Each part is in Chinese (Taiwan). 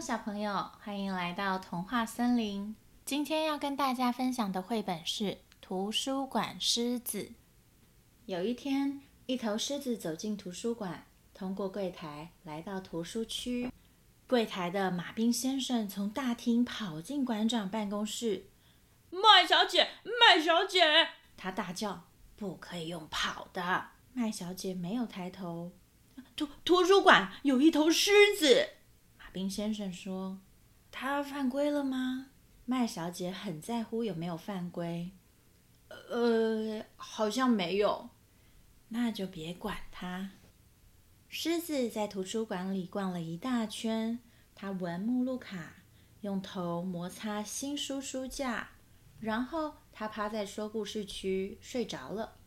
小朋友，歡迎來到童話森林。今天要跟大家分享的繪本是《圖書館獅子》。有一天，一頭獅子走進圖書館，通過櫃檯來到圖書區。櫃檯的馬兵先生從大廳跑進館長辦公室，“麥小姐，麥小姐！”他大叫，“不可以用跑的。”麥小姐沒有抬頭。圖圖書館有一頭獅子。林先生說：“他犯規了嗎？”麥小姐很在乎有沒有犯規。呃，好像沒有，那就別管他。獅子在圖書館裡逛了一大圈，他聞目錄卡，用頭摩擦新書書架，然後他趴在說故事區睡着了。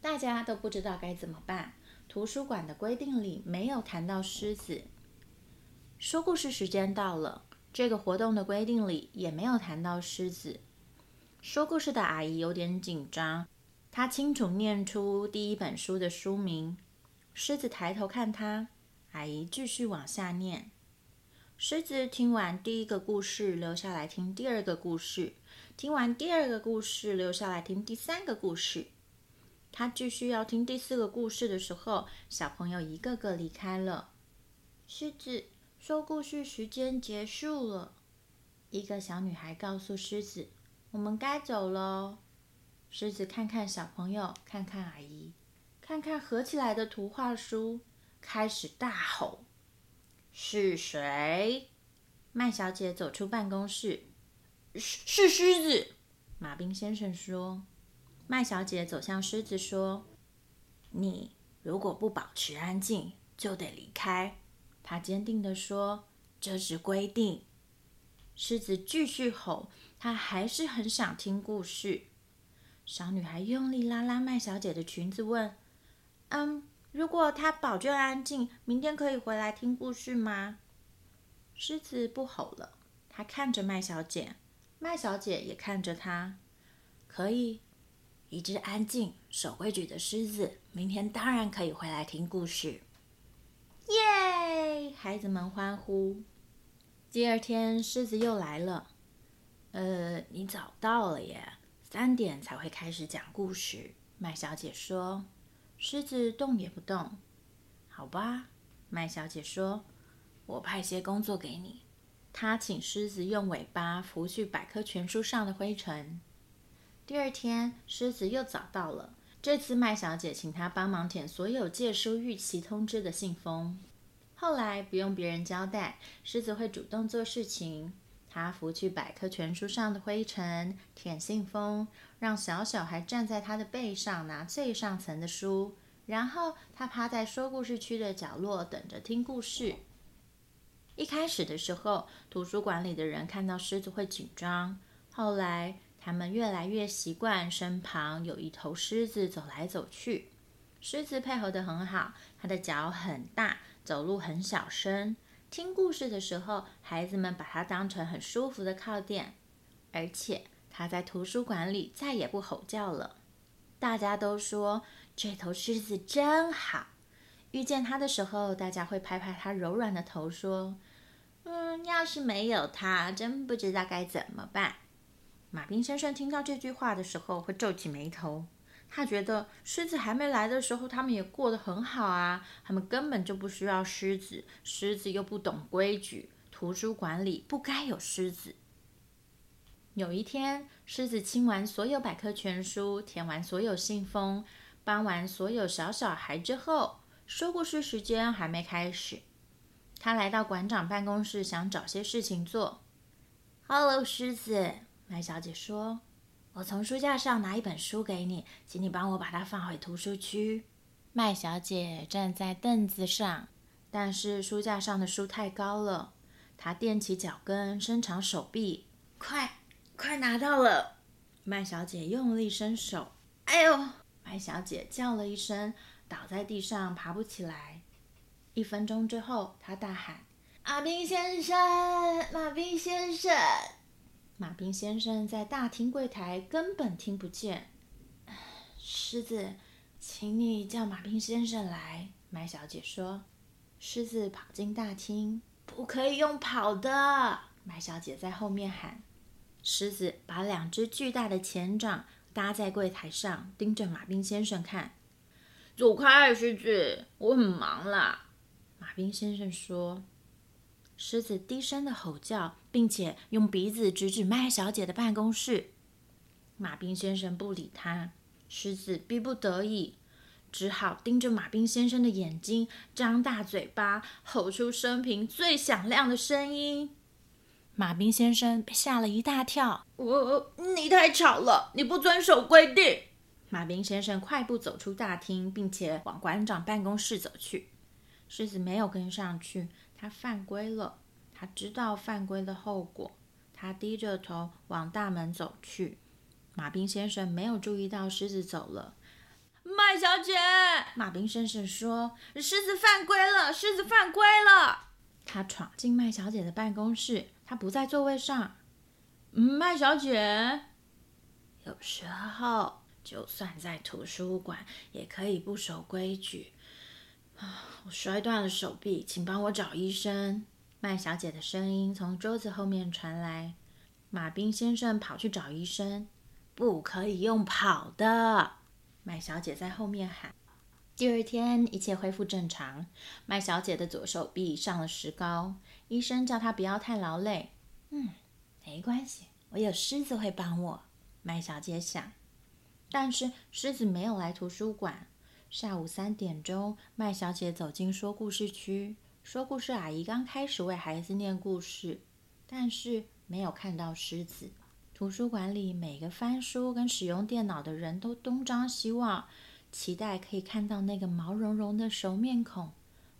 大家都不知道該怎麼辦。圖書館的規定裡沒有談到獅子。說故事時間到了。這個活動的規定裡也沒有談到獅子。說故事的阿姨有點緊張，她清楚念出第一本書的書名。獅子抬頭看她，阿姨繼續往下念。獅子聽完第一個故事，留下來聽第二個故事。聽完第二個故事，留下來聽第三個故事。他繼續要聽第四個故事的時候，小朋友一個個離開了。獅子。說故事時間結束了。一個小女孩告訴獅子：“我們該走了。”獅子看看小朋友，看看阿姨，看看合起來的圖畫書，開始大吼：“是誰？”麥小姐走出辦公室。是“是是獅子。”馬斌先生說。麥小姐走向獅子說：“你如果不保持安靜，就得離開。”他堅定地說：“這是規定。”獅子繼續吼，他還是很想聽故事。小女孩用力拉拉麥小姐的裙子，問：“嗯，如果他保證安靜，明天可以回來聽故事嗎？”獅子不吼了，他看着麥小姐，麥小姐也看着他。可以，一隻安靜、守規矩的獅子，明天當然可以回來聽故事。耶！Yeah! 孩子們歡呼。第二天，獅子又來了。呃，你早到了耶！三點才會開始講故事。麥小姐說。獅子動也不動。好吧，麥小姐說。我派些工作給你。她請獅子用尾巴拂去百科全書上的灰塵。第二天，獅子又早到了。這次，麥小姐請他幫忙舔所有借書逾期通知的信封。後來不用別人交代，獅子會主動做事情。它拂去百科全書上的灰塵，舔信封，讓小小孩站在它的背上拿最上層的書。然後他趴在說故事區的角落，等着聽故事。一開始的時候，圖書館裡的人看到獅子會緊張，後來他們越來越習慣身旁有一頭獅子走來走去。獅子配合得很好，它的腳很大，走路很小聲。聽故事的時候，孩子們把它當成很舒服的靠墊，而且它在圖書館裡再也不吼叫了。大家都說這頭獅子真好。遇見它的時候，大家會拍拍它柔軟的頭，說：“嗯，要是沒有它，真不知道該怎麼辦。”馬彬先生聽到這句話的時候，會皺起眉頭。他覺得獅子還沒來的時候，他們也過得很好啊。他們根本就不需要獅子，獅子又不懂規矩。圖書館裡不該有獅子。有一天，獅子清完所有百科全書，填完所有信封，幫完所有小小孩之後，說故事時間還沒開始。他來到館長辦公室，想找些事情做。Hello，獅子，麥小姐說。我從書架上拿一本書給你，請你幫我把它放回圖書區。麥小姐站在凳子上，但是書架上的書太高了。她踮起腳跟，伸長手臂，快，快拿到了！麥小姐用力伸手，哎呦！麥小姐叫了一聲，倒在地上，爬不起來。一分鐘之後，她大喊：“阿賓先生，阿賓先生！”馬彬先生在大廳櫃檯根本聽不見。獅子，請你叫馬彬先生來，麥小姐說。獅子跑進大廳，不可以用跑的。麥小姐在後面喊。獅子把兩隻巨大的前掌搭在櫃檯上，盯着馬彬先生看。走開，獅子，我很忙啦，馬彬先生說。獅子低聲的吼叫。並且用鼻子指指麥小姐的辦公室，馬彬先生不理他。獅子逼不得已，只好盯着馬彬先生的眼睛，張大嘴巴，吼出生平最響亮的聲音。馬彬先生被嚇了一大跳：“我、哦，你太吵了，你不遵守規定。”馬彬先生快步走出大廳，並且往館長辦公室走去。獅子沒有跟上去，他犯規了。他知道犯規的後果，他低着頭往大門走去。馬兵先生沒有注意到獅子走了。麥小姐，馬兵先生說：“獅子犯規了，獅子犯規了。”他闖進麥小姐的辦公室，他不在座位上。麥小姐，有時候就算在圖書館也可以不守規矩。我摔斷了手臂，請幫我找醫生。麥小姐的聲音從桌子後面傳來。馬彬先生跑去找醫生，不可以用跑的。麥小姐在後面喊。第二天，一切恢復正常。麥小姐的左手臂上了石膏，醫生叫她不要太勞累。嗯，沒關係，我有獅子會幫我。麥小姐想。但是獅子沒有來圖書館。下午三點鐘，麥小姐走進說故事區。說故事阿姨剛開始為孩子念故事，但是沒有看到獅子。圖書館裡每個翻書跟使用電腦的人都東張西望，期待可以看到那個毛茸茸的熟面孔。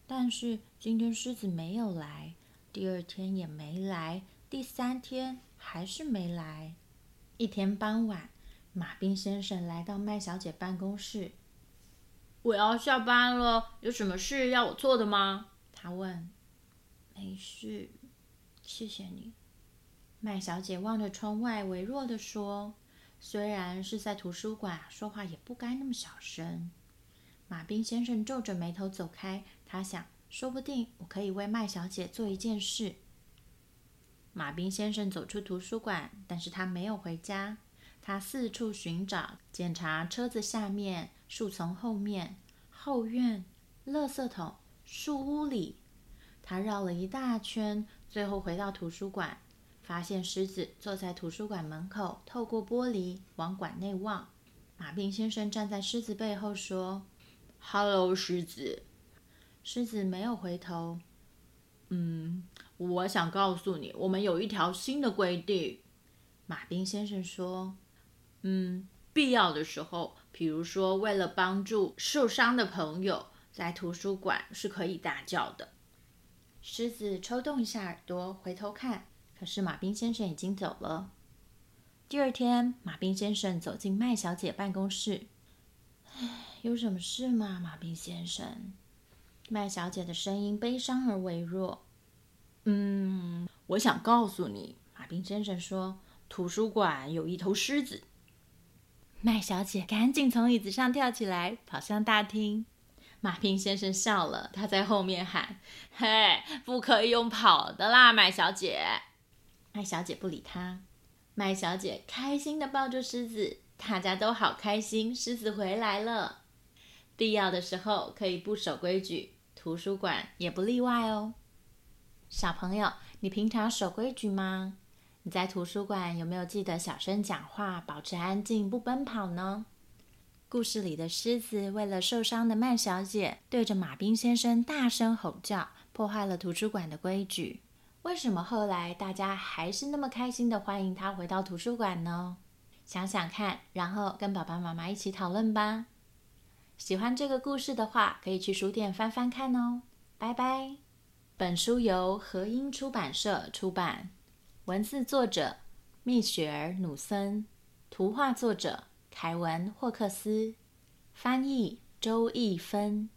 但是今天獅子沒有來，第二天也沒來，第三天還是沒來。一天傍晚，馬彬先生來到麥小姐辦公室：“我要下班了，有什麼事要我做的嗎？”他問：“沒事，謝謝你。”麥小姐望着窗外，微弱地說：“雖然是在圖書館，說話也不該那麼小聲。”馬彬先生皺着眉頭走開。他想：“說不定我可以為麥小姐做一件事。”馬彬先生走出圖書館，但是他沒有回家。他四處尋找，檢查車子下面、樹叢後面、後院、垃圾桶。樹屋裡，他繞了一大圈，最後回到圖書館，發現獅子坐在圖書館門口，透過玻璃往館內望。馬兵先生站在獅子背後說：“Hello，獅子。”獅子沒有回頭。“嗯，我想告訴你，我們有一條新的規定。”馬兵先生說。“嗯，必要的時候，比如說為了幫助受傷的朋友。”在圖書館是可以大叫的。獅子抽動一下耳朵，回頭看，可是馬彬先生已經走了。第二天，馬彬先生走進麥小姐辦公室：“唉，有什麼事嗎，馬彬先生？”麥小姐的聲音悲傷而微弱。“嗯，我想告訴你。”馬彬先生說，“圖書館有一頭獅子。”麥小姐趕緊從椅子上跳起來，跑向大廳。馬平先生笑了，他在後面喊：“嘿，不可以用跑的啦，麥小姐。”麥小姐不理他。麥小姐開心地抱住獅子，大家都好開心。獅子回來了，必要的時候可以不守規矩，圖書館也不例外哦。小朋友，你平常守規矩嗎？你在圖書館有沒有記得小聲講話，保持安靜，不奔跑呢？故事裡的獅子為了受傷的曼小姐，對着馬兵先生大聲吼叫，破壞了圖書館的規矩。為什麼後來大家還是那麼開心的歡迎他回到圖書館呢？想想看，然後跟爸爸媽媽一起討論吧。喜歡這個故事的話，可以去書店翻翻看哦。拜拜。本書由和英出版社出版，文字作者蜜雪兒·努森，圖畫作者。凱文·霍克斯，翻譯周逸芬。